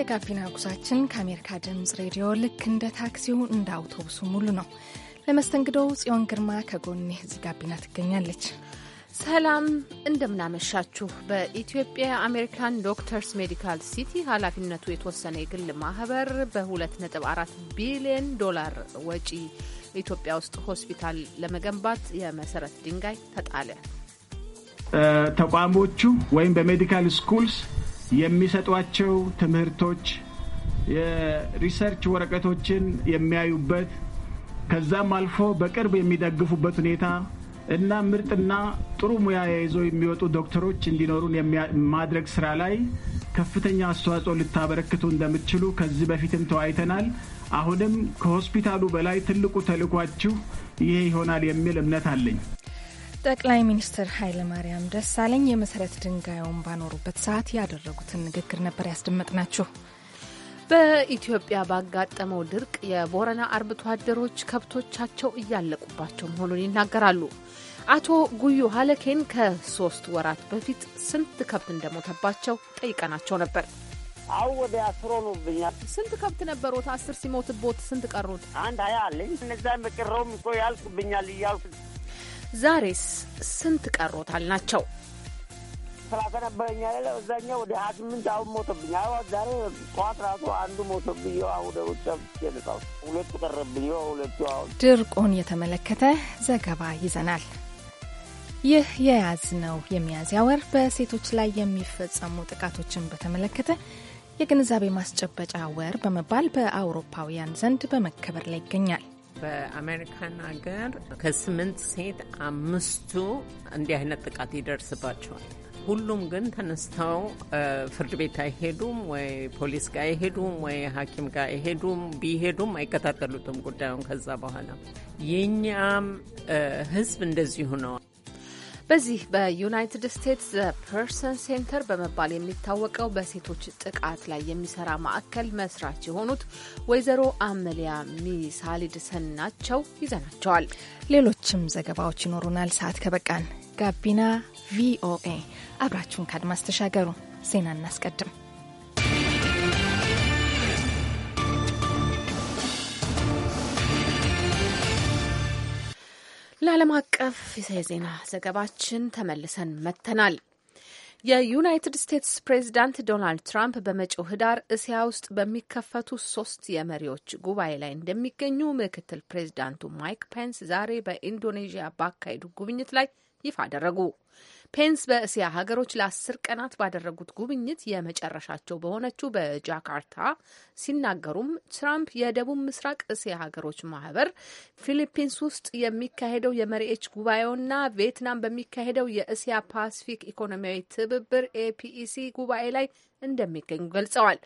የጋቢና ጉዛችን ከአሜሪካ ድምፅ ሬዲዮ ልክ እንደ ታክሲው እንደ አውቶቡሱ ሙሉ ነው። ለመስተንግዶው ጽዮን ግርማ ከጎን እዚህ ጋቢና ትገኛለች። ሰላም እንደምናመሻችሁ። በኢትዮጵያ አሜሪካን ዶክተርስ ሜዲካል ሲቲ ኃላፊነቱ የተወሰነ የግል ማህበር በ2.4 ቢሊዮን ዶላር ወጪ ኢትዮጵያ ውስጥ ሆስፒታል ለመገንባት የመሰረት ድንጋይ ተጣለ። ተቋሞቹ ወይም በሜዲካል ስኩልስ የሚሰጧቸው ትምህርቶች፣ የሪሰርች ወረቀቶችን የሚያዩበት ከዛም አልፎ በቅርብ የሚደግፉበት ሁኔታ እና ምርጥና ጥሩ ሙያ ይዘው የሚወጡ ዶክተሮች እንዲኖሩን ማድረግ ስራ ላይ ከፍተኛ አስተዋጽኦ ልታበረክቱ እንደምትችሉ ከዚህ በፊትም ተወያይተናል። አሁንም ከሆስፒታሉ በላይ ትልቁ ተልኳችሁ ይሄ ይሆናል የሚል እምነት አለኝ። ጠቅላይ ሚኒስትር ኃይለ ማርያም ደሳለኝ የመሰረት ድንጋዩን ባኖሩበት ሰዓት ያደረጉትን ንግግር ነበር ያስደመጥናችሁ። በኢትዮጵያ ባጋጠመው ድርቅ የቦረና አርብቶ አደሮች ከብቶቻቸው እያለቁባቸው መሆኑን ይናገራሉ። አቶ ጉዩ ሀለኬን ከሶስት ወራት በፊት ስንት ከብት እንደሞተባቸው ጠይቀናቸው ነበር። አሁን ወደ አስሮ ነው ብኛል። ስንት ከብት ነበሮት? አስር ሲሞትቦት ስንት ቀሩት? አንድ ሀያ አለኝ። እነዛ የቀረውም እኮ እያልኩ ዛሬስ ስንት ቀሮታል ናቸው? ስራ ከነበረኛ ሌለ እዛኛው ወደ ሀያ ስምንት አሁን ሞተብኝ። አዎ ዛሬ ጠዋት ራሱ አንዱ ሞተብኝ። አሁን ውጭ ልጣው ሁለቱ ቀረብኝ። ሁለቱ አሁን ድርቁን የተመለከተ ዘገባ ይዘናል። ይህ የያዝነው የሚያዝያ ወር በሴቶች ላይ የሚፈጸሙ ጥቃቶችን በተመለከተ የግንዛቤ ማስጨበጫ ወር በመባል በአውሮፓውያን ዘንድ በመከበር ላይ ይገኛል። በአሜሪካን ሀገር ከስምንት ሴት አምስቱ እንዲህ አይነት ጥቃት ይደርስባቸዋል። ሁሉም ግን ተነስተው ፍርድ ቤት አይሄዱም ወይ ፖሊስ ጋር አይሄዱም ወይ ሐኪም ጋር አይሄዱም። ቢሄዱም አይከታተሉትም ጉዳዩን ከዛ በኋላ የእኛም ህዝብ እንደዚሁ ነው። በዚህ በዩናይትድ ስቴትስ ፐርሰን ሴንተር በመባል የሚታወቀው በሴቶች ጥቃት ላይ የሚሰራ ማዕከል መስራች የሆኑት ወይዘሮ አመሊያ ሚሳሊድሰን ናቸው። ይዘናቸዋል። ሌሎችም ዘገባዎች ይኖሩናል። ሰዓት ከበቃን ጋቢና ቪኦኤ አብራችሁን ከአድማስ ተሻገሩ። ዜና እናስቀድም። ዓለም አቀፍ የዜና ዘገባችን ተመልሰን መጥተናል። የዩናይትድ ስቴትስ ፕሬዚዳንት ዶናልድ ትራምፕ በመጪው ህዳር እስያ ውስጥ በሚከፈቱ ሶስት የመሪዎች ጉባኤ ላይ እንደሚገኙ ምክትል ፕሬዚዳንቱ ማይክ ፔንስ ዛሬ በኢንዶኔዥያ ባካሄዱ ጉብኝት ላይ ይፋ አደረጉ። ፔንስ በእስያ ሀገሮች ለአስር ቀናት ባደረጉት ጉብኝት የመጨረሻቸው በሆነችው በጃካርታ ሲናገሩም ትራምፕ የደቡብ ምስራቅ እስያ ሀገሮች ማህበር ፊሊፒንስ ውስጥ የሚካሄደው የመሪዎች ጉባኤውና ቪየትናም በሚካሄደው የእስያ ፓሲፊክ ኢኮኖሚያዊ ትብብር ኤፒኢሲ ጉባኤ ላይ እንደሚገኙ ገልጸዋል።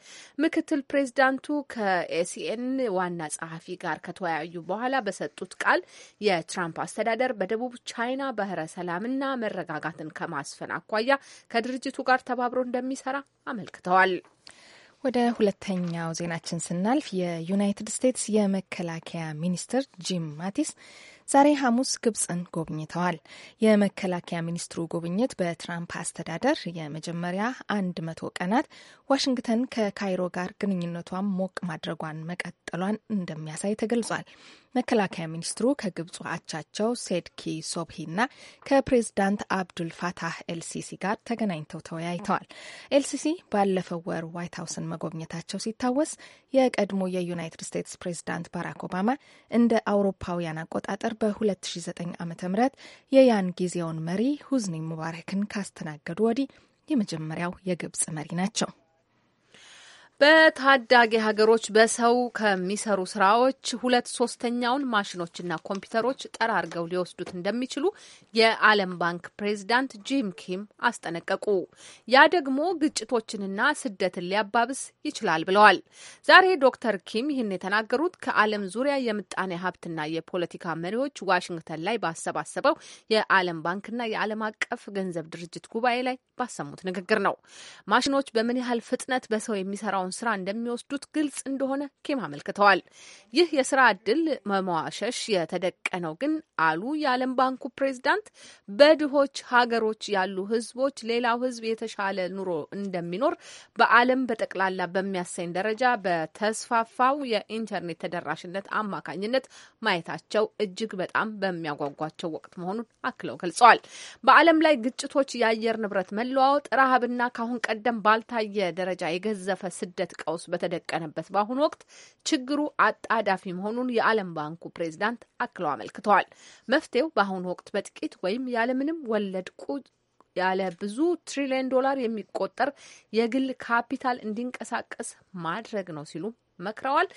ምክትል ፕሬዚዳንቱ ከኤሲኤን ዋና ጸሐፊ ጋር ከተወያዩ በኋላ በሰጡት ቃል የትራምፕ አስተዳደር በደቡብ ቻይና ባህረ ሰላምና መረጋጋትን ከማስፈን አኳያ ከድርጅቱ ጋር ተባብሮ እንደሚሰራ አመልክተዋል። ወደ ሁለተኛው ዜናችን ስናልፍ የዩናይትድ ስቴትስ የመከላከያ ሚኒስትር ጂም ማቲስ ዛሬ ሐሙስ ግብፅን ጎብኝተዋል። የመከላከያ ሚኒስትሩ ጉብኝት በትራምፕ አስተዳደር የመጀመሪያ አንድ መቶ ቀናት ዋሽንግተን ከካይሮ ጋር ግንኙነቷን ሞቅ ማድረጓን መቀጠሏን እንደሚያሳይ ተገልጿል። መከላከያ ሚኒስትሩ ከግብፁ አቻቸው ሴድኪ ሶብሂና ከፕሬዝዳንት አብዱል ፋታህ ኤልሲሲ ጋር ተገናኝተው ተወያይተዋል። ኤልሲሲ ባለፈው ወር ዋይት ሀውስን መጎብኘታቸው ሲታወስ የቀድሞ የዩናይትድ ስቴትስ ፕሬዝዳንት ባራክ ኦባማ እንደ አውሮፓውያን አቆጣጠር በ2009 ዓ ም የያን ጊዜውን መሪ ሁዝኒ ሙባረክን ካስተናገዱ ወዲህ የመጀመሪያው የግብፅ መሪ ናቸው። በታዳጊ ሀገሮች በሰው ከሚሰሩ ስራዎች ሁለት ሶስተኛውን ማሽኖችና ኮምፒውተሮች ጠራርገው ሊወስዱት እንደሚችሉ የዓለም ባንክ ፕሬዚዳንት ጂም ኪም አስጠነቀቁ። ያ ደግሞ ግጭቶችንና ስደትን ሊያባብስ ይችላል ብለዋል። ዛሬ ዶክተር ኪም ይህን የተናገሩት ከዓለም ዙሪያ የምጣኔ ሀብትና የፖለቲካ መሪዎች ዋሽንግተን ላይ ባሰባሰበው የዓለም ባንክና የዓለም አቀፍ ገንዘብ ድርጅት ጉባኤ ላይ ባሰሙት ንግግር ነው። ማሽኖች በምን ያህል ፍጥነት በሰው የሚሰራው የትኛውን ስራ እንደሚወስዱት ግልጽ እንደሆነ ኬም አመልክተዋል። ይህ የስራ እድል መሟሸሽ የተደቀነው ግን አሉ የዓለም ባንኩ ፕሬዚዳንት፣ በድሆች ሀገሮች ያሉ ህዝቦች ሌላው ህዝብ የተሻለ ኑሮ እንደሚኖር በዓለም በጠቅላላ በሚያሰኝ ደረጃ በተስፋፋው የኢንተርኔት ተደራሽነት አማካኝነት ማየታቸው እጅግ በጣም በሚያጓጓቸው ወቅት መሆኑን አክለው ገልጸዋል። በዓለም ላይ ግጭቶች፣ የአየር ንብረት መለዋወጥ፣ ረሃብና ከአሁን ቀደም ባልታየ ደረጃ የገዘፈ የስደት ቀውስ በተደቀነበት በአሁኑ ወቅት ችግሩ አጣዳፊ መሆኑን የዓለም ባንኩ ፕሬዚዳንት አክለው አመልክተዋል። መፍትሄው በአሁኑ ወቅት በጥቂት ወይም ያለምንም ወለድ ያለ ብዙ ትሪሊዮን ዶላር የሚቆጠር የግል ካፒታል እንዲንቀሳቀስ ማድረግ ነው ሲሉ መክረዋል።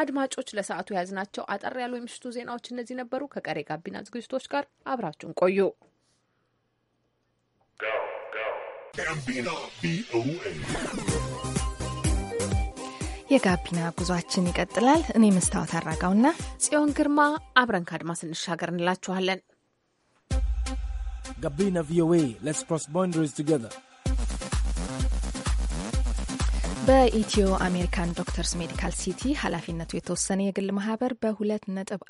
አድማጮች፣ ለሰዓቱ የያዝናቸው አጠር ያሉ የምሽቱ ዜናዎች እነዚህ ነበሩ። ከቀሪ ጋቢና ዝግጅቶች ጋር አብራችሁን ቆዩ። ጋቢና ቪኦኤ የጋቢና ጉዟችን ይቀጥላል። እኔ መስታወት አራጋውና ጽዮን ግርማ አብረን ካድማ ስንሻገር እንላችኋለን። ጋቢና ቪኦኤ ሌትስ ክሮስ ቦንደሪስ ቱጌዘር በኢትዮ አሜሪካን ዶክተርስ ሜዲካል ሲቲ ኃላፊነቱ የተወሰነ የግል ማህበር በ ነጥብ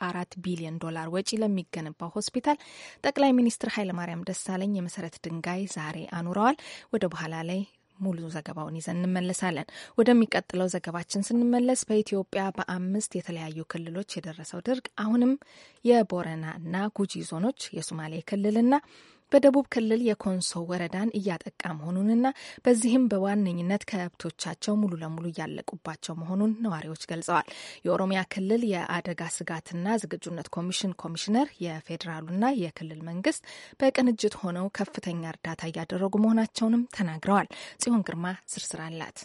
ቢሊዮን ዶላር ወጪ ለሚገነባው ሆስፒታል ጠቅላይ ሚኒስትር ኃይለማርያም ደሳለኝ የመሰረት ድንጋይ ዛሬ አኑረዋል። ወደ በኋላ ላይ ሙሉ ዘገባውን ይዘን እንመለሳለን። ወደሚቀጥለው ዘገባችን ስንመለስ በኢትዮጵያ በአምስት የተለያዩ ክልሎች የደረሰው ድርቅ አሁንም የቦረና እና ጉጂ ዞኖች የሶማሌ ክልልና በደቡብ ክልል የኮንሶ ወረዳን እያጠቃ መሆኑንና በዚህም በዋነኝነት ከብቶቻቸው ሙሉ ለሙሉ እያለቁባቸው መሆኑን ነዋሪዎች ገልጸዋል። የኦሮሚያ ክልል የአደጋ ስጋትና ዝግጁነት ኮሚሽን ኮሚሽነር የፌዴራሉና የክልል መንግስት በቅንጅት ሆነው ከፍተኛ እርዳታ እያደረጉ መሆናቸውንም ተናግረዋል። ጽዮን ግርማ ዝርዝር አላት።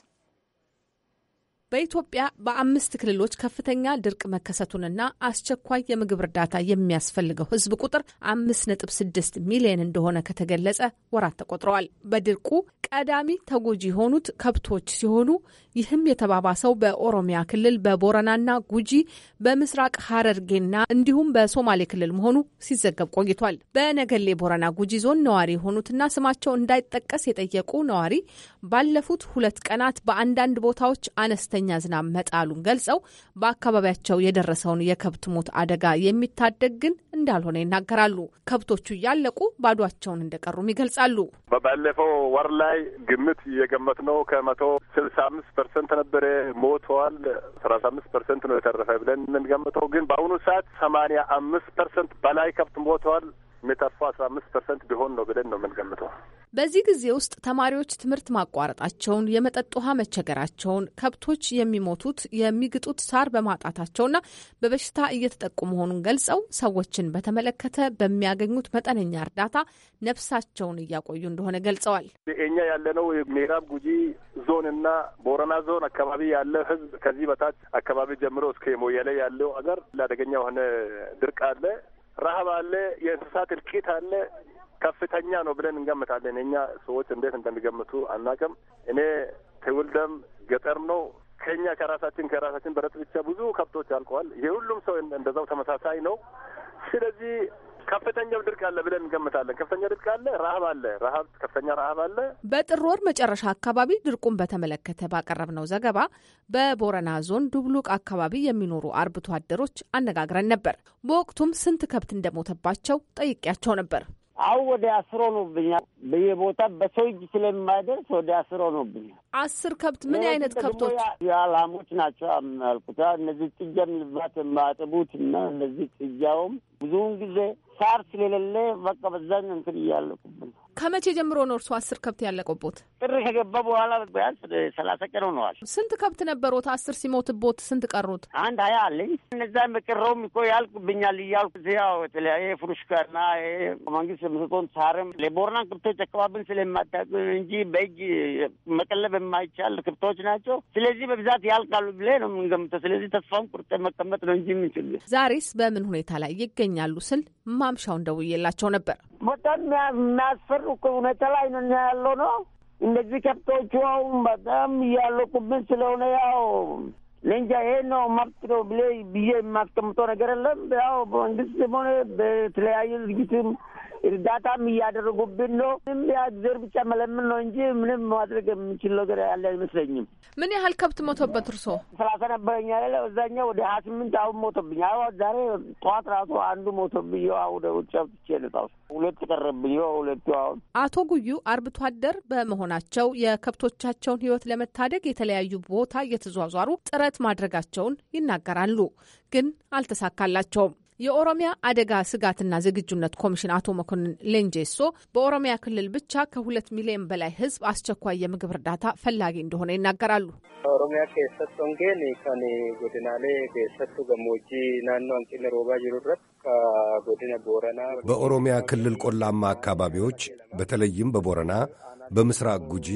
በኢትዮጵያ በአምስት ክልሎች ከፍተኛ ድርቅ መከሰቱንና አስቸኳይ የምግብ እርዳታ የሚያስፈልገው ሕዝብ ቁጥር አምስት ነጥብ ስድስት ሚሊዮን እንደሆነ ከተገለጸ ወራት ተቆጥረዋል። በድርቁ ቀዳሚ ተጎጂ የሆኑት ከብቶች ሲሆኑ ይህም የተባባሰው በኦሮሚያ ክልል በቦረናና ጉጂ በምስራቅ ሀረርጌና እንዲሁም በሶማሌ ክልል መሆኑ ሲዘገብ ቆይቷል። በነገሌ ቦረና ጉጂ ዞን ነዋሪ የሆኑትና ስማቸው እንዳይጠቀስ የጠየቁ ነዋሪ ባለፉት ሁለት ቀናት በአንዳንድ ቦታዎች አነስተኛ ዝናብ መጣሉን ገልጸው በአካባቢያቸው የደረሰውን የከብት ሞት አደጋ የሚታደግ ግን እንዳልሆነ ይናገራሉ። ከብቶቹ እያለቁ ባዷቸውን እንደቀሩም ይገልጻሉ። በባለፈው ወር ላይ ላይ ግምት እየገመት ነው ከመቶ ስልሳ አምስት ፐርሰንት ነበረ ሞተዋል። ሰላሳ አምስት ፐርሰንት ነው የተረፈ ብለን የምንገምተው ግን በአሁኑ ሰዓት ሰማንያ አምስት ፐርሰንት በላይ ከብት ሞተዋል። የሚተርፉ አስራ አምስት ፐርሰንት ቢሆን ነው ብለን ነው የምንገምተው። በዚህ ጊዜ ውስጥ ተማሪዎች ትምህርት ማቋረጣቸውን፣ የመጠጥ ውሃ መቸገራቸውን፣ ከብቶች የሚሞቱት የሚግጡት ሳር በማጣታቸውና በበሽታ እየተጠቁ መሆኑን ገልጸው ሰዎችን በተመለከተ በሚያገኙት መጠነኛ እርዳታ ነፍሳቸውን እያቆዩ እንደሆነ ገልጸዋል። እኛ ያለነው ምዕራብ ጉጂ እና ቦረና ዞን አካባቢ ያለ ህዝብ ከዚህ በታች አካባቢ ጀምሮ እስከ ሞያሌ ያለው ሀገር ለአደገኛ የሆነ ድርቅ አለ። ረሀብ አለ፣ የእንስሳት እልቂት አለ። ከፍተኛ ነው ብለን እንገምታለን። የእኛ ሰዎች እንዴት እንደሚገምቱ አናውቅም። እኔ ትውልደም ገጠር ነው። ከኛ ከራሳችን ከራሳችን በረት ብቻ ብዙ ከብቶች አልቀዋል። የሁሉም ሰው እንደዛው ተመሳሳይ ነው። ስለዚህ ከፍተኛው ድርቅ አለ ብለን እንገምታለን። ከፍተኛ ድርቅ አለ፣ ረሀብ አለ፣ ረሀብ ከፍተኛ ረሀብ አለ። በጥር ወር መጨረሻ አካባቢ ድርቁን በተመለከተ ባቀረብነው ዘገባ በቦረና ዞን ዱብሉቅ አካባቢ የሚኖሩ አርብቶ አደሮች አነጋግረን ነበር። በወቅቱም ስንት ከብት እንደሞተባቸው ጠይቄያቸው ነበር። አሁን ወደ አስር ሆኖብኛል። በየቦታ በሰው እጅ ስለማይደርስ ወደ አስር ሆኖብኛል። አስር ከብት ምን አይነት ከብቶች? ላሞች ናቸው ያልኩት እነዚህ ጥጃ የሚልባት የማጥቡት እና እነዚህ ጥጃውም ብዙውን ጊዜ ሳር ስለሌለ በቃ በዛን እንትን እያለቁብን። ከመቼ ጀምሮ ነው እርሶ አስር ከብት ያለቀቦት? ጥር ከገባ በኋላ ቢያንስ ሰላሳ ቀን ሆነዋል። ስንት ከብት ነበሮት? አስር ሲሞትቦት ስንት ቀሩት? አንድ ሀያ አለኝ። እነዛ የቀረውም እኮ ያልቅብኛል እያልኩ ያው የተለያየ ፍሩሽካና መንግስት ምስቶን ሳርም ለቦርናን ክብቶች አካባቢን ስለማታቅ እንጂ በእጅ መቀለብ የማይቻል ክብቶች ናቸው። ስለዚህ በብዛት ያልቃሉ ብለ ነው የምንገምተው። ስለዚህ ተስፋን ቁርጠ መቀመጥ ነው እንጂ የምንችል ዛሬስ በምን ሁኔታ ላይ ይገኛል? ይገኛሉ ስል ማምሻውን ደውዬላቸው ነበር። በጣም የሚያስፈሩ ሁኔታ ላይ ነው ያለው ነው። እንደዚህ ከብቶቹ አሁን በጣም እያለቁብን ስለሆነ ያው ለእንጃ ይሄ ነው መብት ነው ብዬ የማስቀምጠው ነገር የለም። ያው በመንግስት ሆነ በተለያዩ ድርጅትም እርዳታም እያደረጉብን ነው። ምንም ያዘር ብቻ መለምን ነው እንጂ ምንም ማድረግ የምንችል ነገር ያለ አይመስለኝም። ምን ያህል ከብት ሞቶበት እርሶ? ሰላሳ ነበረኛ ለ እዛኛው ወደ ሀያ ስምንት አሁን ሞቶብኝ። አዎ ዛሬ ጠዋት ራሱ አንዱ ሞቶብኝ። አሁ ወደ ውጭ ብቼ ልጣው ሁለት ቀረብኝ። ሁለቱ አሁን አቶ ጉዩ አርብቶ አደር በመሆናቸው የከብቶቻቸውን ህይወት ለመታደግ የተለያዩ ቦታ እየተዟዟሩ ጥረት ማድረጋቸውን ይናገራሉ። ግን አልተሳካላቸውም። የኦሮሚያ አደጋ ስጋትና ዝግጁነት ኮሚሽን አቶ መኮንን ሌንጄሶ በኦሮሚያ ክልል ብቻ ከሁለት ሚሊዮን በላይ ህዝብ አስቸኳይ የምግብ እርዳታ ፈላጊ እንደሆነ ይናገራሉ። ኦሮሚያ ኬሰት ቶንጌን ከን ጎድናሌ ገሞጂ ናኖ አንቂነ ሮባ ጅሩረት ከጎድነ ቦረና በኦሮሚያ ክልል ቆላማ አካባቢዎች በተለይም በቦረና በምስራቅ ጉጂ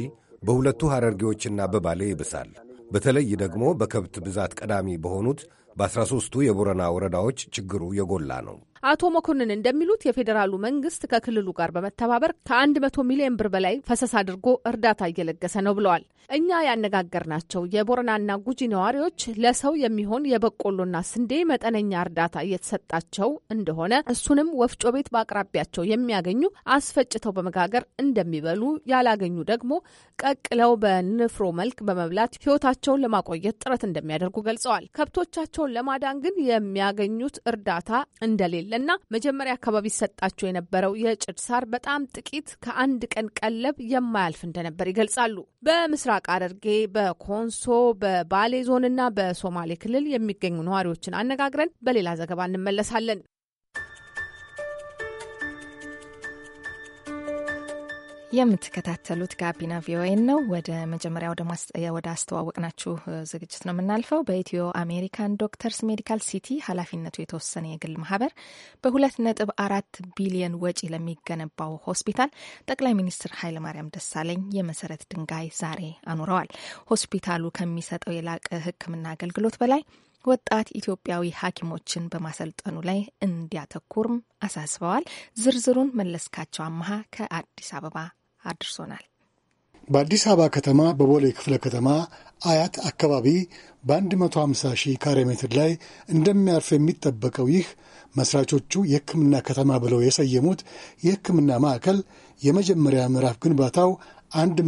በሁለቱ ሐረርጌዎችና በባሌ ይብሳል። በተለይ ደግሞ በከብት ብዛት ቀዳሚ በሆኑት በ13ቱ የቦረና ወረዳዎች ችግሩ የጎላ ነው። አቶ መኮንን እንደሚሉት የፌዴራሉ መንግስት ከክልሉ ጋር በመተባበር ከአንድ መቶ ሚሊዮን ብር በላይ ፈሰስ አድርጎ እርዳታ እየለገሰ ነው ብለዋል። እኛ ያነጋገርናቸው የቦረናና ጉጂ ነዋሪዎች ለሰው የሚሆን የበቆሎና ስንዴ መጠነኛ እርዳታ እየተሰጣቸው እንደሆነ እሱንም ወፍጮ ቤት በአቅራቢያቸው የሚያገኙ አስፈጭተው በመጋገር እንደሚበሉ ያላገኙ ደግሞ ቀቅለው በንፍሮ መልክ በመብላት ህይወታቸውን ለማቆየት ጥረት እንደሚያደርጉ ገልጸዋል። ከብቶቻቸውን ለማዳን ግን የሚያገኙት እርዳታ እንደሌለ እና መጀመሪያ አካባቢ ሰጣቸው የነበረው የጭድ ሳር በጣም ጥቂት ከአንድ ቀን ቀለብ የማያልፍ እንደነበር ይገልጻሉ። በምስራቅ አደርጌ፣ በኮንሶ፣ በባሌ ዞንና በሶማሌ ክልል የሚገኙ ነዋሪዎችን አነጋግረን በሌላ ዘገባ እንመለሳለን። የምትከታተሉት ጋቢና ቪኦኤን ነው። ወደ መጀመሪያ ወደ አስተዋወቅናችሁ ዝግጅት ነው የምናልፈው። በኢትዮ አሜሪካን ዶክተርስ ሜዲካል ሲቲ ኃላፊነቱ የተወሰነ የግል ማህበር በሁለት ነጥብ አራት ቢሊየን ወጪ ለሚገነባው ሆስፒታል ጠቅላይ ሚኒስትር ኃይለማርያም ደሳለኝ የመሰረት ድንጋይ ዛሬ አኑረዋል። ሆስፒታሉ ከሚሰጠው የላቀ ሕክምና አገልግሎት በላይ ወጣት ኢትዮጵያዊ ሐኪሞችን በማሰልጠኑ ላይ እንዲያተኩርም አሳስበዋል። ዝርዝሩን መለስካቸው አመሃ ከአዲስ አበባ አድርሶናል። በአዲስ አበባ ከተማ በቦሌ ክፍለ ከተማ አያት አካባቢ በ150 ሺህ ካሬ ሜትር ላይ እንደሚያርፍ የሚጠበቀው ይህ መስራቾቹ የሕክምና ከተማ ብለው የሰየሙት የሕክምና ማዕከል የመጀመሪያ ምዕራፍ ግንባታው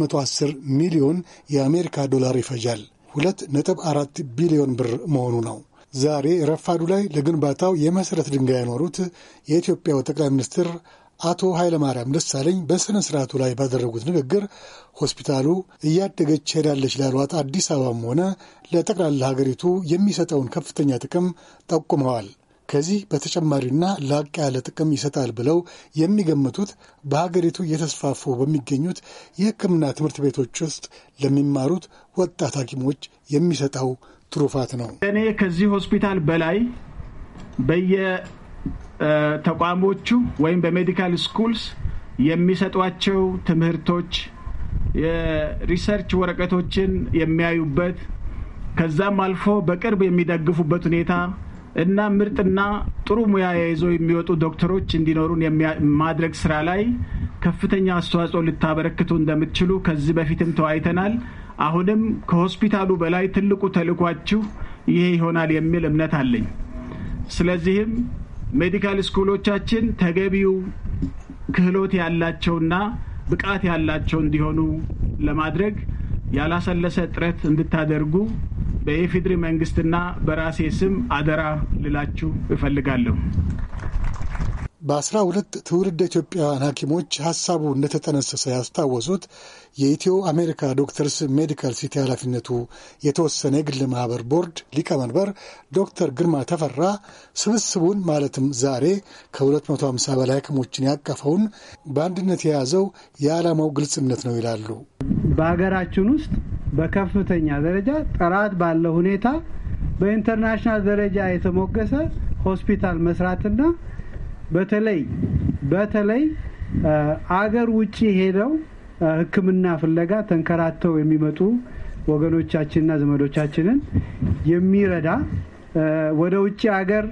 110 ሚሊዮን የአሜሪካ ዶላር ይፈጃል። 2.4 ቢሊዮን ብር መሆኑ ነው። ዛሬ ረፋዱ ላይ ለግንባታው የመሠረት ድንጋይ ያኖሩት የኢትዮጵያው ጠቅላይ ሚኒስትር አቶ ኃይለማርያም ደሳለኝ በሥነ ሥርዓቱ ላይ ባደረጉት ንግግር ሆስፒታሉ እያደገች ሄዳለች ላሏት አዲስ አበባም ሆነ ለጠቅላላ ሀገሪቱ የሚሰጠውን ከፍተኛ ጥቅም ጠቁመዋል። ከዚህ በተጨማሪና ላቅ ያለ ጥቅም ይሰጣል ብለው የሚገምቱት በሀገሪቱ እየተስፋፉ በሚገኙት የሕክምና ትምህርት ቤቶች ውስጥ ለሚማሩት ወጣት ሐኪሞች የሚሰጠው ትሩፋት ነው። እኔ ከዚህ ሆስፒታል በላይ በየ ተቋሞቹ ወይም በሜዲካል ስኩልስ የሚሰጧቸው ትምህርቶች የሪሰርች ወረቀቶችን የሚያዩበት ከዛም አልፎ በቅርብ የሚደግፉበት ሁኔታ እና ምርጥና ጥሩ ሙያ የይዘው የሚወጡ ዶክተሮች እንዲኖሩን ማድረግ ስራ ላይ ከፍተኛ አስተዋጽኦ ልታበረክቱ እንደምትችሉ ከዚህ በፊትም ተወያይተናል። አሁንም ከሆስፒታሉ በላይ ትልቁ ተልኳችሁ ይሄ ይሆናል የሚል እምነት አለኝ። ስለዚህም ሜዲካል ስኩሎቻችን ተገቢው ክህሎት ያላቸውና ብቃት ያላቸው እንዲሆኑ ለማድረግ ያላሰለሰ ጥረት እንድታደርጉ በኢፌዴሪ መንግስትና በራሴ ስም አደራ ልላችሁ እፈልጋለሁ። በአስራ ሁለት ትውልድ ኢትዮጵያውያን ሐኪሞች ሐሳቡ እንደተጠነሰሰ ያስታወሱት የኢትዮ አሜሪካ ዶክተርስ ሜዲካል ሲቲ ኃላፊነቱ የተወሰነ የግል ማኅበር ቦርድ ሊቀመንበር ዶክተር ግርማ ተፈራ ስብስቡን ማለትም ዛሬ ከ250 በላይ ሐኪሞችን ያቀፈውን በአንድነት የያዘው የዓላማው ግልጽነት ነው ይላሉ። በሀገራችን ውስጥ በከፍተኛ ደረጃ ጥራት ባለው ሁኔታ በኢንተርናሽናል ደረጃ የተሞገሰ ሆስፒታል መስራትና በተለይ በተለይ አገር ውጭ ሄደው ሕክምና ፍለጋ ተንከራተው የሚመጡ ወገኖቻችንና ዘመዶቻችንን የሚረዳ ወደ ውጭ አገር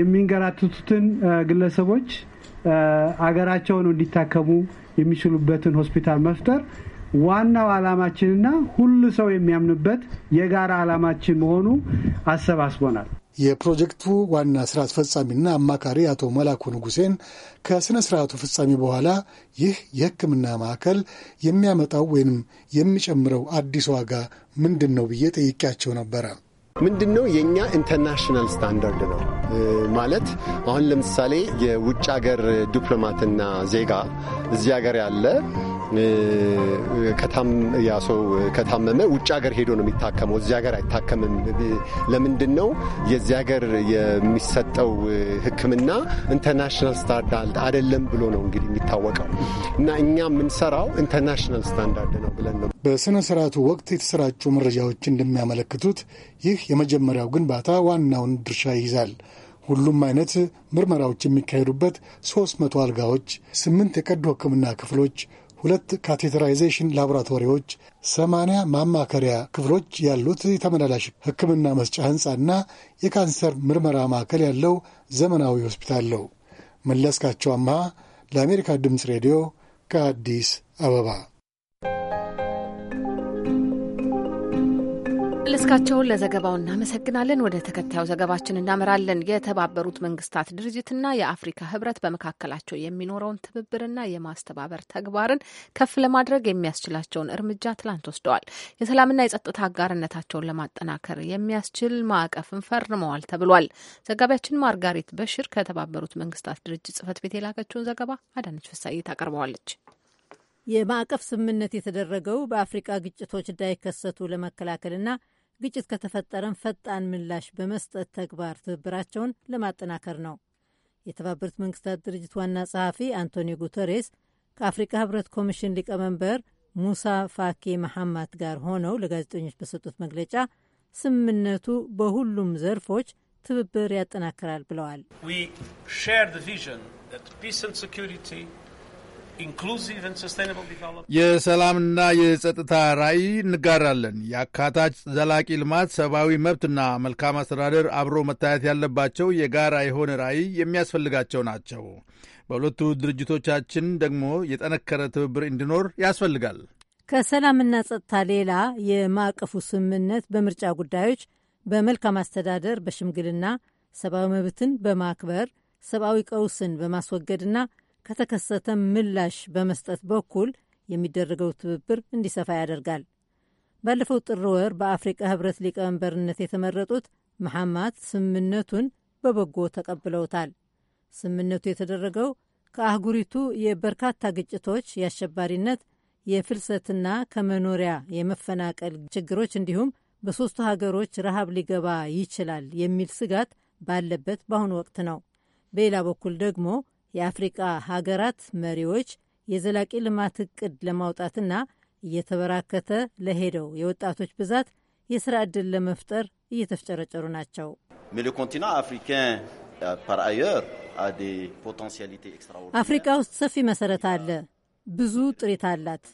የሚንገራትቱትን ግለሰቦች አገራቸውን እንዲታከሙ የሚችሉበትን ሆስፒታል መፍጠር ዋናው ዓላማችንና ሁሉ ሰው የሚያምንበት የጋራ ዓላማችን መሆኑ አሰባስቦናል። የፕሮጀክቱ ዋና ስራ አስፈጻሚና አማካሪ አቶ መላኩ ንጉሴን ከሥነ ስርዓቱ ፍጻሜ በኋላ ይህ የሕክምና ማዕከል የሚያመጣው ወይንም የሚጨምረው አዲስ ዋጋ ምንድን ነው ብዬ ጠይቄያቸው ነበረ። ምንድን ነው የእኛ ኢንተርናሽናል ስታንዳርድ ነው ማለት አሁን ለምሳሌ የውጭ ሀገር ዲፕሎማትና ዜጋ እዚህ ሀገር ያለ ያ ሰው ከታመመ ውጭ ሀገር ሄዶ ነው የሚታከመው፣ እዚህ ሀገር አይታከምም። ለምንድን ነው? የዚህ ሀገር የሚሰጠው ሕክምና ኢንተርናሽናል ስታንዳርድ አይደለም ብሎ ነው እንግዲህ የሚታወቀው እና እኛ የምንሰራው ኢንተርናሽናል ስታንዳርድ ነው ብለን ነው። በሥነ ስርዓቱ ወቅት የተሰራጩ መረጃዎች እንደሚያመለክቱት ይህ የመጀመሪያው ግንባታ ዋናውን ድርሻ ይይዛል። ሁሉም አይነት ምርመራዎች የሚካሄዱበት 300 አልጋዎች፣ 8 የቀዶ ሕክምና ክፍሎች፣ ሁለት ካቴተራይዜሽን ላቦራቶሪዎች፣ 80 ማማከሪያ ክፍሎች ያሉት የተመላላሽ ሕክምና መስጫ ሕንፃና የካንሰር ምርመራ ማዕከል ያለው ዘመናዊ ሆስፒታል ነው። መለስካቸው አምሃ ለአሜሪካ ድምፅ ሬዲዮ ከአዲስ አበባ መለስካቸውን ለዘገባው እናመሰግናለን። ወደ ተከታዩ ዘገባችን እናመራለን። የተባበሩት መንግስታት ድርጅትና የአፍሪካ ህብረት በመካከላቸው የሚኖረውን ትብብርና የማስተባበር ተግባርን ከፍ ለማድረግ የሚያስችላቸውን እርምጃ ትላንት ወስደዋል። የሰላምና የጸጥታ አጋርነታቸውን ለማጠናከር የሚያስችል ማዕቀፍን ፈርመዋል ተብሏል። ዘጋቢያችን ማርጋሪት በሽር ከተባበሩት መንግስታት ድርጅት ጽህፈት ቤት የላከችውን ዘገባ አዳነች ፍሳይ ታቀርበዋለች። የማዕቀፍ ስምምነት የተደረገው በአፍሪቃ ግጭቶች እንዳይከሰቱ ለመከላከልና ግጭት ከተፈጠረም ፈጣን ምላሽ በመስጠት ተግባር ትብብራቸውን ለማጠናከር ነው። የተባበሩት መንግስታት ድርጅት ዋና ጸሐፊ አንቶኒዮ ጉተሬስ ከአፍሪካ ህብረት ኮሚሽን ሊቀመንበር ሙሳ ፋኪ መሐማት ጋር ሆነው ለጋዜጠኞች በሰጡት መግለጫ ስምምነቱ በሁሉም ዘርፎች ትብብር ያጠናክራል ብለዋል። የሰላምና የጸጥታ ራዕይ እንጋራለን። የአካታች ዘላቂ ልማት፣ ሰብአዊ መብትና መልካም አስተዳደር አብሮ መታየት ያለባቸው የጋራ የሆነ ራዕይ የሚያስፈልጋቸው ናቸው። በሁለቱ ድርጅቶቻችን ደግሞ የጠነከረ ትብብር እንዲኖር ያስፈልጋል። ከሰላምና ጸጥታ ሌላ የማዕቀፉ ስምምነት በምርጫ ጉዳዮች፣ በመልካም አስተዳደር፣ በሽምግልና ሰብአዊ መብትን በማክበር ሰብአዊ ቀውስን በማስወገድና ከተከሰተ ምላሽ በመስጠት በኩል የሚደረገው ትብብር እንዲሰፋ ያደርጋል። ባለፈው ጥር ወር በአፍሪቃ ህብረት ሊቀመንበርነት የተመረጡት መሐማት ስምምነቱን በበጎ ተቀብለውታል። ስምምነቱ የተደረገው ከአህጉሪቱ የበርካታ ግጭቶች፣ የአሸባሪነት፣ የፍልሰትና ከመኖሪያ የመፈናቀል ችግሮች እንዲሁም በሦስቱ ሀገሮች ረሃብ ሊገባ ይችላል የሚል ስጋት ባለበት በአሁኑ ወቅት ነው። በሌላ በኩል ደግሞ የአፍሪቃ ሀገራት መሪዎች የዘላቂ ልማት እቅድ ለማውጣትና እየተበራከተ ለሄደው የወጣቶች ብዛት የስራ ዕድል ለመፍጠር እየተፍጨረጨሩ ናቸው። euh, አፍሪቃ ውስጥ ሰፊ መሰረት አለ። ብዙ ጥሪት አላት።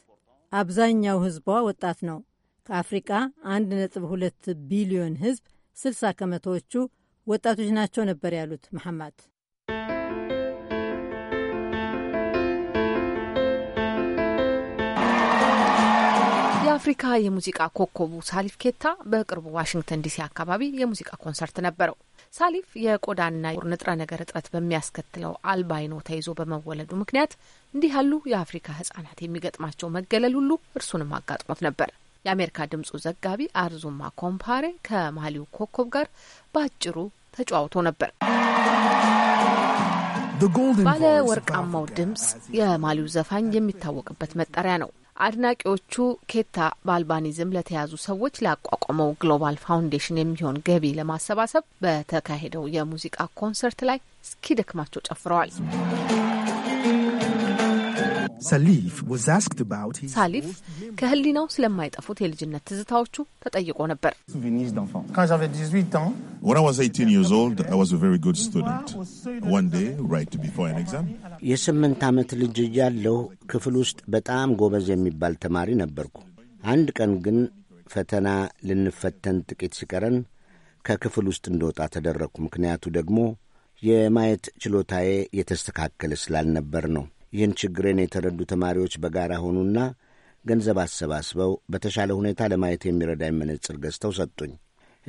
አብዛኛው ህዝቧ ወጣት ነው። ከአፍሪቃ 1.2 ቢሊዮን ህዝብ 60 ከመቶዎቹ ወጣቶች ናቸው ነበር ያሉት መሐማት የአፍሪካ የሙዚቃ ኮከቡ ሳሊፍ ኬታ በቅርቡ ዋሽንግተን ዲሲ አካባቢ የሙዚቃ ኮንሰርት ነበረው። ሳሊፍ የቆዳና ንጥረ ነገር እጥረት በሚያስከትለው አልባይኖ ተይዞ በመወለዱ ምክንያት እንዲህ ያሉ የአፍሪካ ህጻናት የሚገጥማቸው መገለል ሁሉ እርሱንም አጋጥሞት ነበር። የአሜሪካ ድምጹ ዘጋቢ አርዙማ ኮምፓሬ ከማሊው ኮከብ ጋር በአጭሩ ተጫውቶ ነበር። ባለ ወርቃማው ድምጽ የማሊው ዘፋኝ የሚታወቅበት መጠሪያ ነው። አድናቂዎቹ ኬታ በአልባኒዝም ለተያዙ ሰዎች ላቋቋመው ግሎባል ፋውንዴሽን የሚሆን ገቢ ለማሰባሰብ በተካሄደው የሙዚቃ ኮንሰርት ላይ እስኪደክማቸው ጨፍረዋል። ሳሊፍ ከህሊናው ስለማይጠፉት የልጅነት ትዝታዎቹ ተጠይቆ ነበር። የስምንት ዓመት ልጅ እያለሁ ክፍል ውስጥ በጣም ጎበዝ የሚባል ተማሪ ነበርኩ። አንድ ቀን ግን ፈተና ልንፈተን ጥቂት ሲቀረን ከክፍል ውስጥ እንደወጣ ተደረግኩ። ምክንያቱ ደግሞ የማየት ችሎታዬ የተስተካከለ ስላልነበር ነው። ይህን ችግሬን የተረዱ ተማሪዎች በጋራ ሆኑና ገንዘብ አሰባስበው በተሻለ ሁኔታ ለማየት የሚረዳኝ መነጽር ገዝተው ሰጡኝ።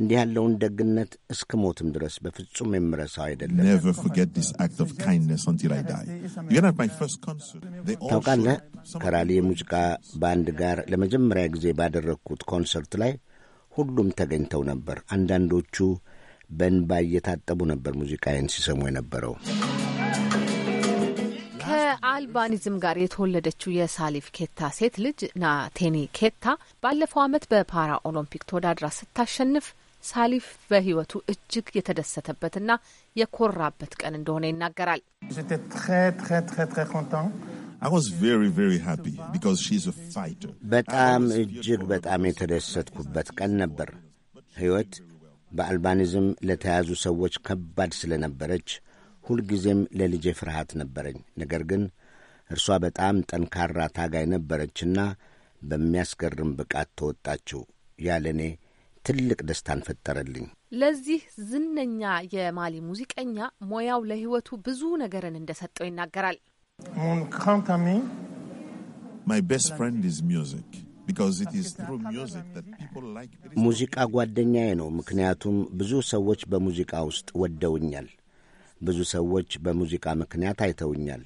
እንዲህ ያለውን ደግነት እስክ ሞትም ድረስ በፍጹም የምረሳው አይደለም። ታውቃለህ፣ ከራሊ የሙዚቃ ባንድ ጋር ለመጀመሪያ ጊዜ ባደረግኩት ኮንሰርት ላይ ሁሉም ተገኝተው ነበር። አንዳንዶቹ በእንባ እየታጠቡ ነበር ሙዚቃዬን ሲሰሙ የነበረው። ከአልባኒዝም ጋር የተወለደችው የሳሊፍ ኬታ ሴት ልጅ ናቴኒ ኬታ ባለፈው ዓመት በፓራ ኦሎምፒክ ተወዳድራ ስታሸንፍ ሳሊፍ በሕይወቱ እጅግ የተደሰተበትና የኮራበት ቀን እንደሆነ ይናገራል። በጣም እጅግ በጣም የተደሰትኩበት ቀን ነበር። ሕይወት በአልባኒዝም ለተያዙ ሰዎች ከባድ ስለነበረች ሁልጊዜም ለልጄ ፍርሃት ነበረኝ። ነገር ግን እርሷ በጣም ጠንካራ ታጋይ ነበረችና በሚያስገርም ብቃት ተወጣችው። ያለ እኔ ትልቅ ደስታን ፈጠረልኝ። ለዚህ ዝነኛ የማሊ ሙዚቀኛ ሞያው ለሕይወቱ ብዙ ነገርን እንደሰጠው ይናገራል። ሙዚቃ ጓደኛዬ ነው፣ ምክንያቱም ብዙ ሰዎች በሙዚቃ ውስጥ ወደውኛል። ብዙ ሰዎች በሙዚቃ ምክንያት አይተውኛል።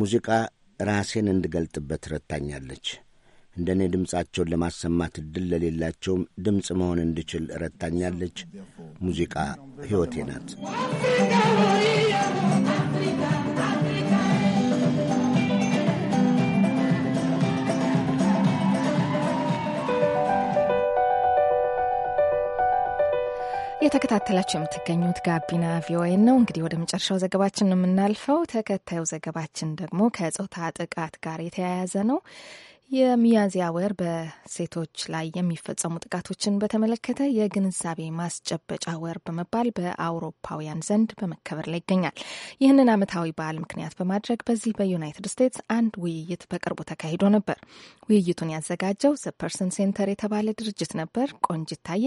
ሙዚቃ ራሴን እንድገልጥበት ረታኛለች። እንደ እኔ ድምፃቸውን ለማሰማት እድል ለሌላቸውም ድምፅ መሆን እንድችል ረታኛለች። ሙዚቃ ሕይወቴ ናት። የተከታተላችሁ የምትገኙት ጋቢና ቪኦኤ ነው። እንግዲህ ወደ መጨረሻው ዘገባችን ነው የምናልፈው። ተከታዩ ዘገባችን ደግሞ ከጾታ ጥቃት ጋር የተያያዘ ነው። የሚያዝያ ወር በሴቶች ላይ የሚፈጸሙ ጥቃቶችን በተመለከተ የግንዛቤ ማስጨበጫ ወር በመባል በአውሮፓውያን ዘንድ በመከበር ላይ ይገኛል። ይህንን ዓመታዊ በዓል ምክንያት በማድረግ በዚህ በዩናይትድ ስቴትስ አንድ ውይይት በቅርቡ ተካሂዶ ነበር። ውይይቱን ያዘጋጀው ዘ ፐርሰን ሴንተር የተባለ ድርጅት ነበር። ቆንጅት ታዬ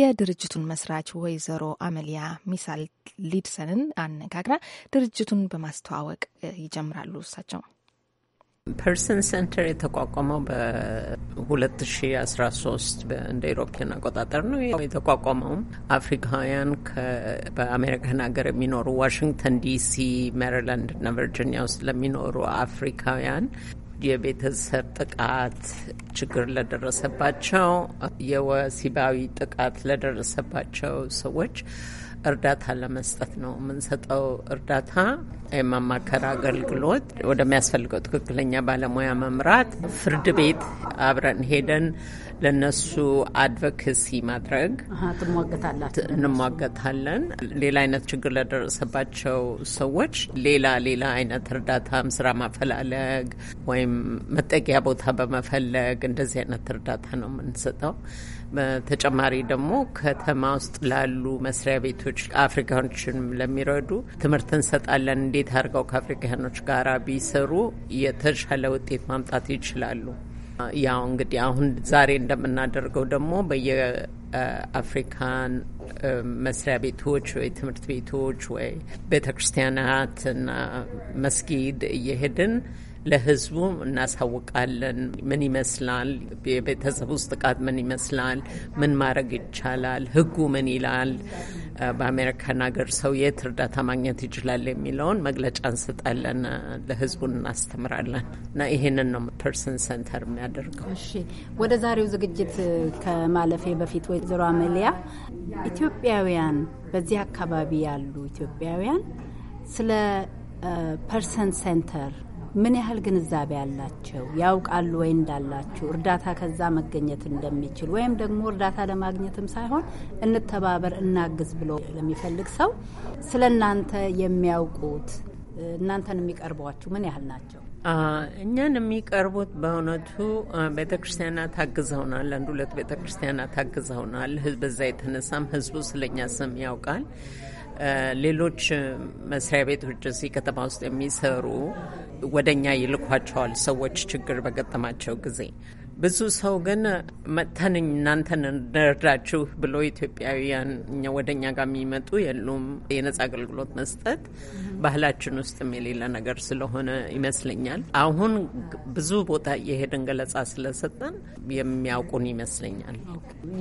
የድርጅቱን መስራች ወይዘሮ አመሊያ ሚሳል ሊድሰንን አነጋግራ ድርጅቱን በማስተዋወቅ ይጀምራሉ እሳቸው ፐርሰን ሰንተር የተቋቋመው በ2013 እንደ ኢሮፒያን አቆጣጠር ነው የተቋቋመውም አፍሪካውያን በአሜሪካን ሀገር የሚኖሩ ዋሽንግተን ዲሲ፣ ሜሪላንድ እና ቨርጂኒያ ውስጥ ለሚኖሩ አፍሪካውያን የቤተሰብ ጥቃት ችግር ለደረሰባቸው፣ የወሲባዊ ጥቃት ለደረሰባቸው ሰዎች እርዳታ ለመስጠት ነው የምንሰጠው። እርዳታ የማማከር አገልግሎት፣ ወደሚያስፈልገው ትክክለኛ ባለሙያ መምራት፣ ፍርድ ቤት አብረን ሄደን ለነሱ አድቨክሲ ማድረግ እንሟገታለን። ሌላ አይነት ችግር ለደረሰባቸው ሰዎች ሌላ ሌላ አይነት እርዳታም ስራ ማፈላለግ ወይም መጠጊያ ቦታ በመፈለግ እንደዚህ አይነት እርዳታ ነው የምንሰጠው። በተጨማሪ ደግሞ ከተማ ውስጥ ላሉ መስሪያ ቤቶች አፍሪካኖችን ለሚረዱ ትምህርት እንሰጣለን። እንዴት አድርገው ከአፍሪካኖች ጋር ቢሰሩ የተሻለ ውጤት ማምጣት ይችላሉ። ያው እንግዲህ አሁን ዛሬ እንደምናደርገው ደግሞ በየአፍሪካን መስሪያ ቤቶች ወይ ትምህርት ቤቶች ወይ ቤተ ክርስቲያናት እና መስጊድ እየሄድን ለህዝቡ እናሳውቃለን። ምን ይመስላል የቤተሰብ ውስጥ ጥቃት ምን ይመስላል፣ ምን ማድረግ ይቻላል፣ ህጉ ምን ይላል፣ በአሜሪካን ሀገር ሰው የት እርዳታ ማግኘት ይችላል የሚለውን መግለጫ እንሰጣለን፣ ለህዝቡን እናስተምራለን እና ይሄንን ነው ፐርሰን ሰንተር የሚያደርገው። እሺ፣ ወደ ዛሬው ዝግጅት ከማለፌ በፊት ወይዘሮ አመሊያ ኢትዮጵያውያን በዚህ አካባቢ ያሉ ኢትዮጵያውያን ስለ ፐርሰን ሴንተር ምን ያህል ግንዛቤ አላቸው? ያውቃሉ ወይ እንዳላችሁ እርዳታ ከዛ መገኘት እንደሚችል ወይም ደግሞ እርዳታ ለማግኘትም ሳይሆን እንተባበር፣ እናግዝ ብሎ ለሚፈልግ ሰው ስለ እናንተ የሚያውቁት እናንተን የሚቀርቧችሁ ምን ያህል ናቸው? እኛን የሚቀርቡት በእውነቱ ቤተ ክርስቲያናት አግዘውናል። አንድ ሁለት ቤተ ክርስቲያናት አግዘውናል። በዛ የተነሳም ህዝቡ ስለኛ ስም ያውቃል። ሌሎች መስሪያ ቤቶች እዚህ ከተማ ውስጥ የሚሰሩ ወደ እኛ ይልኳቸዋል ሰዎች ችግር በገጠማቸው ጊዜ። ብዙ ሰው ግን መጥተን እናንተን እንረዳችሁ ብሎ ኢትዮጵያውያን ወደ እኛ ጋር የሚመጡ የሉም። የነጻ አገልግሎት መስጠት ባህላችን ውስጥም የሌለ ነገር ስለሆነ ይመስለኛል። አሁን ብዙ ቦታ እየሄድን ገለጻ ስለሰጠን የሚያውቁን ይመስለኛል።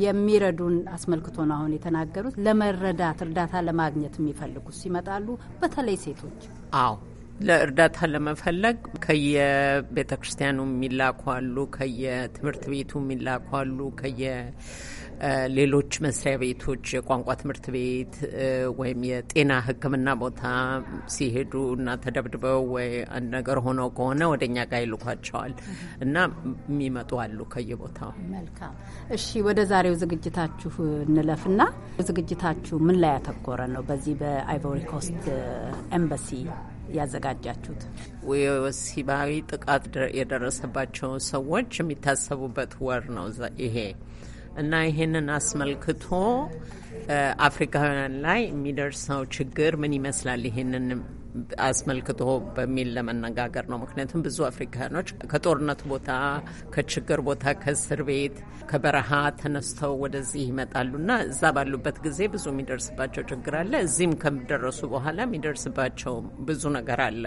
የሚረዱን አስመልክቶ ነው አሁን የተናገሩት። ለመረዳት እርዳታ ለማግኘት የሚፈልጉ ይመጣሉ፣ በተለይ ሴቶች። አዎ ለእርዳታ ለመፈለግ ከየቤተ ክርስቲያኑ የሚላኳሉ፣ ከየትምህርት ቤቱ የሚላኳሉ፣ ከየ ሌሎች መስሪያ ቤቶች የቋንቋ ትምህርት ቤት ወይም የጤና ሕክምና ቦታ ሲሄዱ እና ተደብድበው ወይ አንድ ነገር ሆነው ከሆነ ወደ እኛ ጋር ይልኳቸዋል እና የሚመጡ አሉ ከየቦታው። መልካም። እሺ፣ ወደ ዛሬው ዝግጅታችሁ እንለፍና ዝግጅታችሁ ምን ላይ ያተኮረ ነው? በዚህ በአይቮሪ ኮስት ኤምባሲ ያዘጋጃችሁት ወሲባዊ ጥቃት የደረሰባቸው ሰዎች የሚታሰቡበት ወር ነው ይሄ እና ይህንን አስመልክቶ አፍሪካውያን ላይ የሚደርሰው ችግር ምን ይመስላል? ይህንን አስመልክቶ በሚል ለመነጋገር ነው። ምክንያቱም ብዙ አፍሪካኖች ከጦርነት ቦታ፣ ከችግር ቦታ፣ ከእስር ቤት፣ ከበረሃ ተነስተው ወደዚህ ይመጣሉ እና እዛ ባሉበት ጊዜ ብዙ የሚደርስባቸው ችግር አለ። እዚህም ከደረሱ በኋላ የሚደርስባቸው ብዙ ነገር አለ።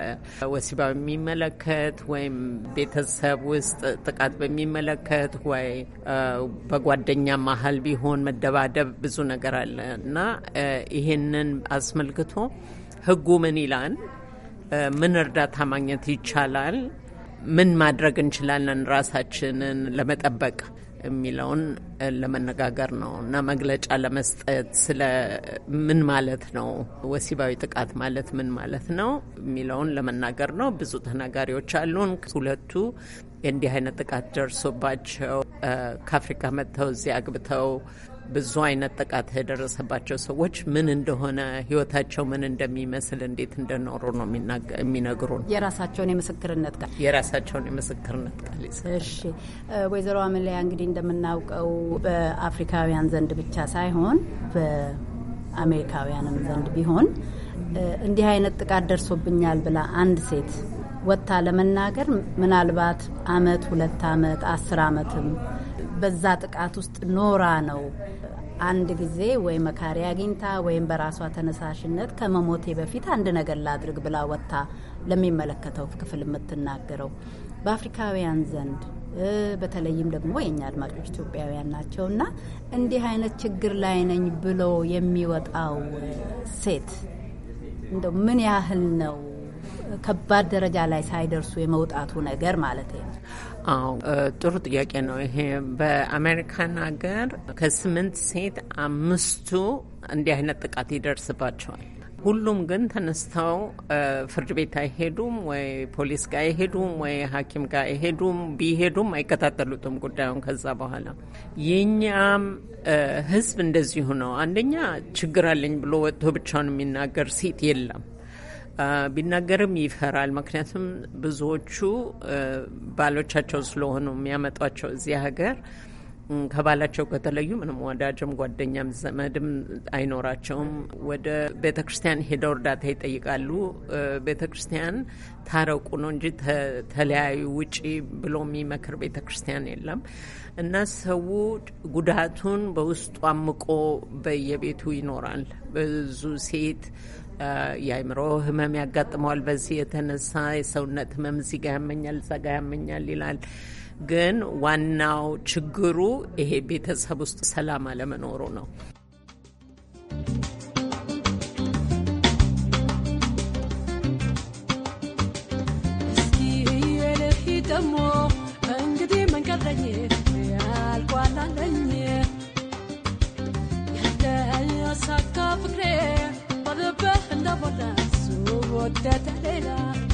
ወሲባ የሚመለከት ወይም ቤተሰብ ውስጥ ጥቃት በሚመለከት ወይ በጓደኛ መሀል ቢሆን መደባደብ ብዙ ነገር አለ እና ይሄንን አስመልክቶ ህጉ ምን ይላል? ምን እርዳታ ማግኘት ይቻላል? ምን ማድረግ እንችላለን ራሳችንን ለመጠበቅ የሚለውን ለመነጋገር ነው እና መግለጫ ለመስጠት ስለ ምን ማለት ነው ወሲባዊ ጥቃት ማለት ምን ማለት ነው የሚለውን ለመናገር ነው። ብዙ ተናጋሪዎች አሉን። ሁለቱ እንዲህ አይነት ጥቃት ደርሶባቸው ከአፍሪካ መጥተው እዚህ አግብተው ብዙ አይነት ጥቃት የደረሰባቸው ሰዎች ምን እንደሆነ ህይወታቸው ምን እንደሚመስል እንዴት እንደኖሩ ነው የሚነግሩን። የራሳቸውን የምስክርነት ቃል የራሳቸውን የምስክርነት ቃል እሺ፣ ወይዘሮ አመለያ እንግዲህ እንደምናውቀው በአፍሪካውያን ዘንድ ብቻ ሳይሆን በአሜሪካውያንም ዘንድ ቢሆን እንዲህ አይነት ጥቃት ደርሶብኛል ብላ አንድ ሴት ወጥታ ለመናገር ምናልባት አመት ሁለት አመት አስር አመትም በዛ ጥቃት ውስጥ ኖራ ነው አንድ ጊዜ ወይ መካሪ አግኝታ ወይም በራሷ ተነሳሽነት ከመሞቴ በፊት አንድ ነገር ላድርግ ብላ ወጥታ ለሚመለከተው ክፍል የምትናገረው በአፍሪካውያን ዘንድ በተለይም ደግሞ የእኛ አድማጮች ኢትዮጵያውያን ናቸው እና እንዲህ አይነት ችግር ላይ ነኝ ብሎ የሚወጣው ሴት እንደው ምን ያህል ነው ከባድ ደረጃ ላይ ሳይደርሱ የመውጣቱ ነገር ማለት ነው። አዎ ጥሩ ጥያቄ ነው ይሄ። በአሜሪካን ሀገር ከስምንት ሴት አምስቱ እንዲህ አይነት ጥቃት ይደርስባቸዋል። ሁሉም ግን ተነስተው ፍርድ ቤት አይሄዱም ወይ ፖሊስ ጋር አይሄዱም ወይ ሐኪም ጋር አይሄዱም። ቢሄዱም አይከታተሉትም ጉዳዩን ከዛ በኋላ። የኛም ህዝብ እንደዚሁ ነው። አንደኛ ችግር አለኝ ብሎ ወጥቶ ብቻውን የሚናገር ሴት የለም። ቢናገርም ይፈራል። ምክንያቱም ብዙዎቹ ባሎቻቸው ስለሆኑ የሚያመጧቸው እዚያ ሀገር ከባላቸው ከተለዩ ምንም ወዳጅም ጓደኛም ዘመድም አይኖራቸውም። ወደ ቤተ ክርስቲያን ሄደው እርዳታ ይጠይቃሉ። ቤተ ክርስቲያን ታረቁ ነው እንጂ ተለያዩ ውጪ ብሎ የሚመክር ቤተ ክርስቲያን የለም እና ሰው ጉዳቱን በውስጡ አምቆ በየቤቱ ይኖራል። ብዙ ሴት የአይምሮ ህመም ያጋጥመዋል። በዚህ የተነሳ የሰውነት ህመም እዚህ ጋ ያመኛል፣ እዛ ጋ ያመኛል ይላል። ግን ዋናው ችግሩ ይሄ ቤተሰብ ውስጥ ሰላም አለመኖሩ ነው። ደግሞ እንግዲህ na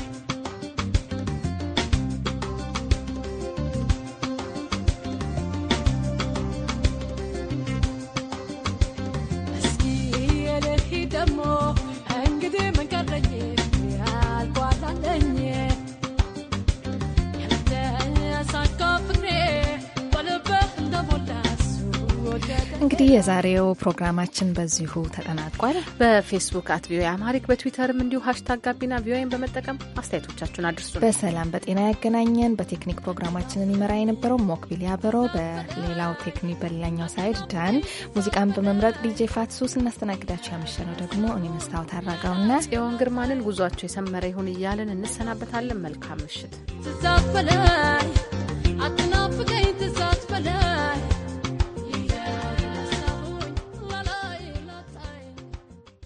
የዛሬው ፕሮግራማችን በዚሁ ተጠናቋል። በፌስቡክ አት ቪኦኤ አማሪክ በትዊተርም እንዲሁ ሀሽታግ ጋቢና ቪኦኤን በመጠቀም አስተያየቶቻችሁን አድርሱ። በሰላም በጤና ያገናኘን። በቴክኒክ ፕሮግራማችንን ይመራ የነበረው ሞክቢል ያበረው፣ በሌላው ቴክኒክ በሌላኛው ሳይድ ዳን፣ ሙዚቃን በመምረጥ ዲጄ ፋትሱ፣ ስናስተናግዳቸው ያመሸነው ደግሞ እኔ መስታወት አራጋውና ጽዮን ግርማንን ጉዟቸው የሰመረ ይሁን እያለን እንሰናበታለን። መልካም ምሽት።